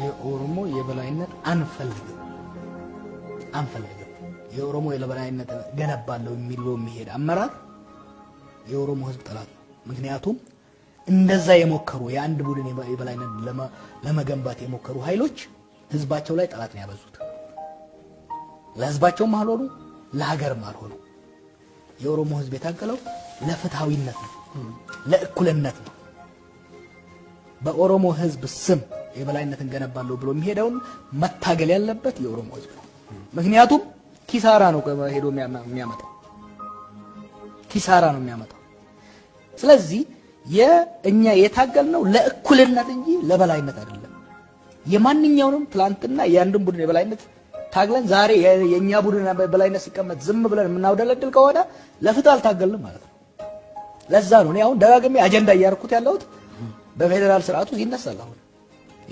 የኦሮሞ የበላይነት አንፈልግም አንፈልግም። የኦሮሞ የበላይነት ገነባለሁ የሚል የሚሄድ አመራር የኦሮሞ ህዝብ ጠላት ነው። ምክንያቱም እንደዛ የሞከሩ የአንድ ቡድን የበላይነት ለመገንባት የሞከሩ ኃይሎች ህዝባቸው ላይ ጠላት ነው ያበዙት። ለህዝባቸውም አልሆኑ፣ ለሀገርም አልሆኑ። የኦሮሞ ህዝብ የታገለው ለፍትሐዊነት ነው፣ ለእኩልነት ነው። በኦሮሞ ህዝብ ስም የበላይነትን ገነባለሁ ብሎ የሚሄደውን መታገል ያለበት የኦሮሞ ህዝብ ነው። ምክንያቱም ኪሳራ ነው ሄዶ የሚያመጣው ኪሳራ ነው የሚያመጣው። ስለዚህ የእኛ የታገል ነው ለእኩልነት እንጂ ለበላይነት አይደለም። የማንኛውንም ትላንትና የአንድን ቡድን የበላይነት ታግለን ዛሬ የእኛ ቡድን በላይነት ሲቀመጥ ዝም ብለን የምናውደለድል ከሆነ ለፍትህ አልታገልንም ማለት ነው። ለዛ ነው እኔ አሁን ደጋግሜ አጀንዳ እያደረኩት ያለሁት በፌዴራል ስርዓቱ ይነሳል አሁን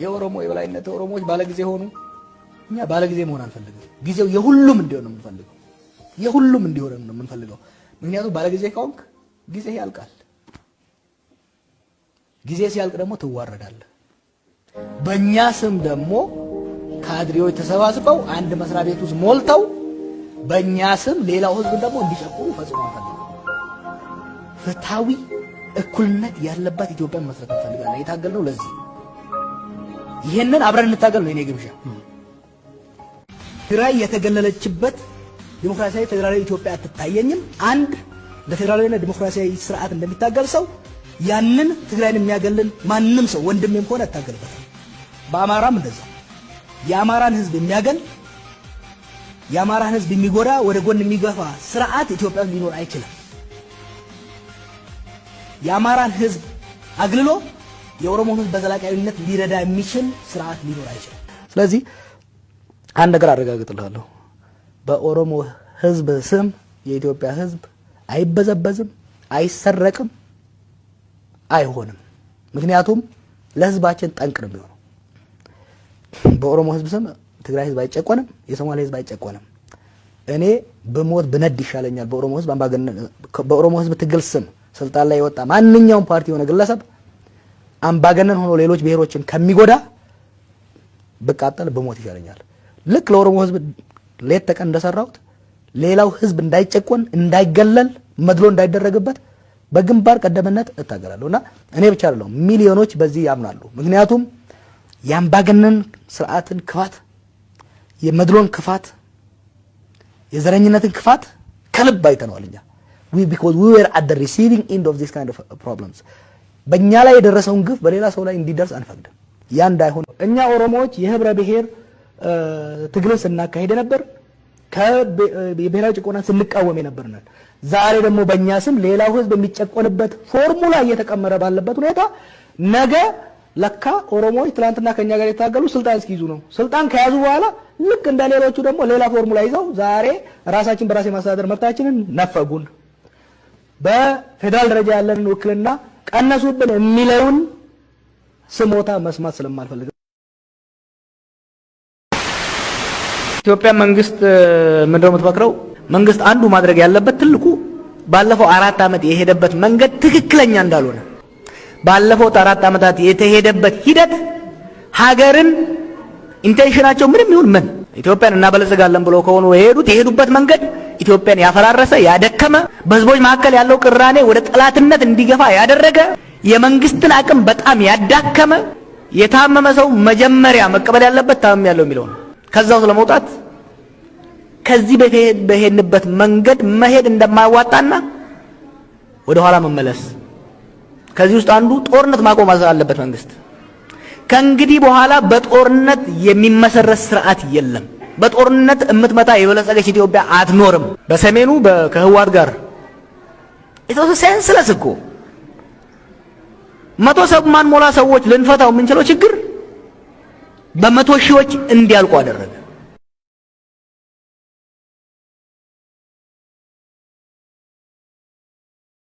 የኦሮሞ የበላይነት ኦሮሞዎች ባለጊዜ ሆኑ። እኛ ባለጊዜ መሆን አንፈልግም። ጊዜው የሁሉም እንዲሆን ነው የምንፈልገው። የሁሉም እንዲሆን ነው የምንፈልገው። ምክንያቱም ባለጊዜ ከሆንክ ጊዜ ያልቃል። ጊዜ ሲያልቅ ደግሞ ትዋረዳለህ። በእኛ ስም ደግሞ ካድሬዎች ተሰባስበው አንድ መስሪያ ቤት ውስጥ ሞልተው በእኛ ስም ሌላው ህዝብ ደግሞ እንዲጨቁሩ ፈጽሞ አንፈልግም። ፍትሐዊ እኩልነት ያለባት ኢትዮጵያን መስረት እንፈልጋለን። የታገልነው ለዚህ ይሄንን አብረን እንታገል ነው የኔ ግብዣ። ትግራይ የተገለለችበት ዲሞክራሲያዊ ፌዴራላዊ ኢትዮጵያ አትታየኝም። አንድ ለፌዴራላዊና ዲሞክራሲያዊ ስርዓት እንደሚታገል ሰው ያንን ትግራይን የሚያገልል ማንም ሰው ወንድሜም ከሆነ አታገልበት በአማራም እንደዛ የአማራን ህዝብ የሚያገል የአማራን ህዝብ የሚጎዳ ወደ ጎን የሚገፋ ስርዓት ኢትዮጵያ ሊኖር አይችልም። የአማራን ህዝብ አግልሎ የኦሮሞ ህዝብ በዘላቂነት ሊረዳ የሚችል ስርዓት ሊኖር አይችልም። ስለዚህ አንድ ነገር አረጋግጥልሃለሁ፣ በኦሮሞ ህዝብ ስም የኢትዮጵያ ህዝብ አይበዘበዝም፣ አይሰረቅም፣ አይሆንም። ምክንያቱም ለህዝባችን ጠንቅ ነው የሚሆነው። በኦሮሞ ህዝብ ስም ትግራይ ህዝብ አይጨቆንም፣ የሶማሌ ህዝብ አይጨቆንም። እኔ ብሞት ብነድ ይሻለኛል በኦሮሞ ህዝብ ትግል ስም ስልጣን ላይ የወጣ ማንኛውም ፓርቲ የሆነ ግለሰብ አምባገነን ሆኖ ሌሎች ብሔሮችን ከሚጎዳ ብቃጠል ብሞት ይሻለኛል። ልክ ለኦሮሞ ህዝብ ሌት ተቀን እንደሰራሁት ሌላው ህዝብ እንዳይጨቆን፣ እንዳይገለል፣ መድሎ እንዳይደረግበት በግንባር ቀደምነት እታገላለሁ እና እኔ ብቻ አይደለሁም፣ ሚሊዮኖች በዚህ ያምናሉ። ምክንያቱም የአምባገነን ስርዓትን ክፋት፣ የመድሎን ክፋት፣ የዘረኝነትን ክፋት ከልብ አይተነዋል እኛ ቢኮዝ ዊ ዌር አት ዘ ሪሲቪንግ ኢንድ ኦፍ ዚስ ካይንድ ኦፍ ፕሮብለምስ በእኛ ላይ የደረሰውን ግፍ በሌላ ሰው ላይ እንዲደርስ አንፈቅድም። ያ እንዳይሆን እኛ ኦሮሞዎች የህብረ ብሔር ትግል ስናካሄድ ነበር፣ የብሔራዊ ጭቆና ስንቃወም የነበርናል። ዛሬ ደግሞ በእኛ ስም ሌላው ህዝብ የሚጨቆንበት ፎርሙላ እየተቀመረ ባለበት ሁኔታ ነገ ለካ ኦሮሞዎች ትናንትና ከኛ ጋር የታገሉ ስልጣን እስኪይዙ ነው። ስልጣን ከያዙ በኋላ ልክ እንደ ሌሎቹ ደግሞ ሌላ ፎርሙላ ይዘው ዛሬ ራሳችን በራስ የማስተዳደር መብታችንን ነፈጉን። በፌዴራል ደረጃ ያለንን ውክልና ቀነሱብን የሚለውን ስሞታ መስማት ስለማልፈልግ ኢትዮጵያ መንግስት ምንድነው የምትመክረው? መንግስት አንዱ ማድረግ ያለበት ትልቁ ባለፈው አራት ዓመት የሄደበት መንገድ ትክክለኛ እንዳልሆነ ባለፈው አራት ዓመታት የተሄደበት ሂደት ሀገርን ኢንቴንሽናቸው ምንም ይሁን ምን ኢትዮጵያን እናበለጽጋለን ብለው ከሆኑ የሄዱት የሄዱበት መንገድ ኢትዮጵያን ያፈራረሰ ያደከመ፣ በህዝቦች መካከል ያለው ቅራኔ ወደ ጠላትነት እንዲገፋ ያደረገ፣ የመንግስትን አቅም በጣም ያዳከመ፣ የታመመ ሰው መጀመሪያ መቀበል ያለበት ታመም ያለው የሚለው ነው። ከዛው ውስጥ ለመውጣት ከዚህ በሄድንበት መንገድ መሄድ እንደማያዋጣና ወደ ኋላ መመለስ ከዚህ ውስጥ አንዱ ጦርነት ማቆም አለበት መንግስት። ከእንግዲህ በኋላ በጦርነት የሚመሰረት ስርዓት የለም። በጦርነት እምትመታ የበለጸገች ኢትዮጵያ አትኖርም። በሰሜኑ ከህዋት ጋር ኢትዮጵያ ሴንስለስ እኮ መቶ ሰብ ማንሞላ ሰዎች ልንፈታው የምንችለው ችግር በመቶ ሺዎች እንዲያልቁ አደረገ።